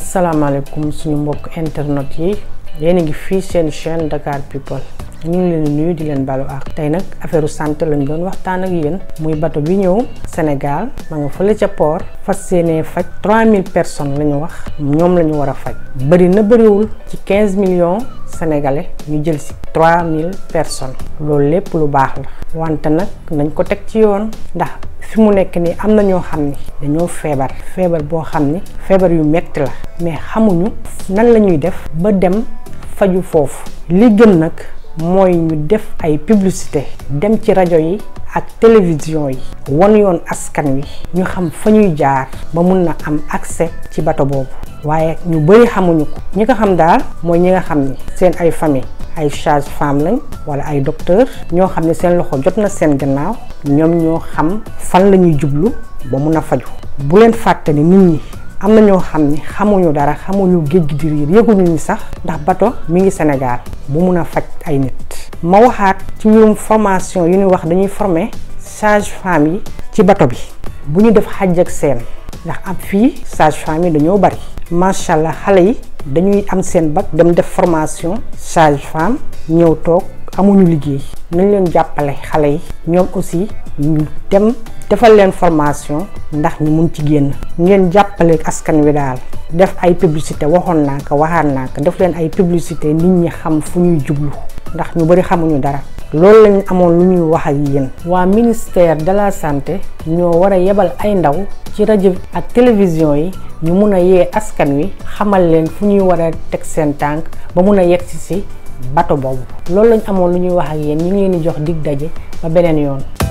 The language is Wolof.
asalaamaaleykum suñu mbokk internet yi yéen a ngi fii seen chaîne Dakar People ñu ngi leen di di leen balu ak tey nag affaire santé lañ doon waxtaan ak yéen muy bato bi ñëw Sénégal ma nga fële ca port fas yéenee faj 3000 personnes la ñu wax ñoom lañu ñu war a faj bëri na bëriwul ci 15 millions sénégalais ñu jël si 3000 personnes loolu lépp lu baax la wante nag nañ ko teg ci yoon ndax fi mu nekk nii am na ñoo xam ni dañoo feebar feebar boo xam ni feebar yu metti la mais xamuñu nan la ñuy def ba dem faju foofu li gën nag. mooy ñu def ay publicité dem ci rajo yi ak télévision yi wan yoon askan wi ñu xam fa ñuy jaar ba mun na am accès ci bato boobu waaye ñu bëri xamuñu ko ñi ko xam daal mooy ñi nga xam ni seen ay famille ay sage-femme lañ wala ay docteur ñoo xam ne seen loxo jot na seen gannaaw ñoom ñoo xam fan la ñuy jublu ba mun a faju bu leen fàtte ni nit ñi am na ñoo xam ne xamuñu dara xamuñu géej gi di riir yëguñu ni sax ndax bato mi ngi Sénégal bu mun a faj ay nit ma waxaat ci mbirum formation yu ñuy wax dañuy former sage-femme yi ci bato bi bu ñu def xaj ak seen ndax ab fii sage-femme yi dañoo bari macha allah xale yi dañuy am seen bac dem def formation sage-femme ñëw toog amuñu liggéey nañ leen jàppale xale yi ñoom aussi ñu dem defal leen formation ndax ñu mun ci génn ngeen jàppale askan wi daal def ay publicité waxoon naa ko waxaat naa ko def leen ay publicité nit ñi xam fu ñuy jublu ndax ñu bëri xamuñu dara loolu lañu amoon lu ñuy wax ak yéen waa ministère de la santé ñoo war a yebal ay ndaw ci rajo ak télévision yi ñu mun a yee askan wi xamal leen fu ñuy war a teg seen tànk ba mun a yegsi si bato boobu loolu lañu amoon lu ñuy wax ak yéen ñu ngi leen di jox dig daje ba beneen yoon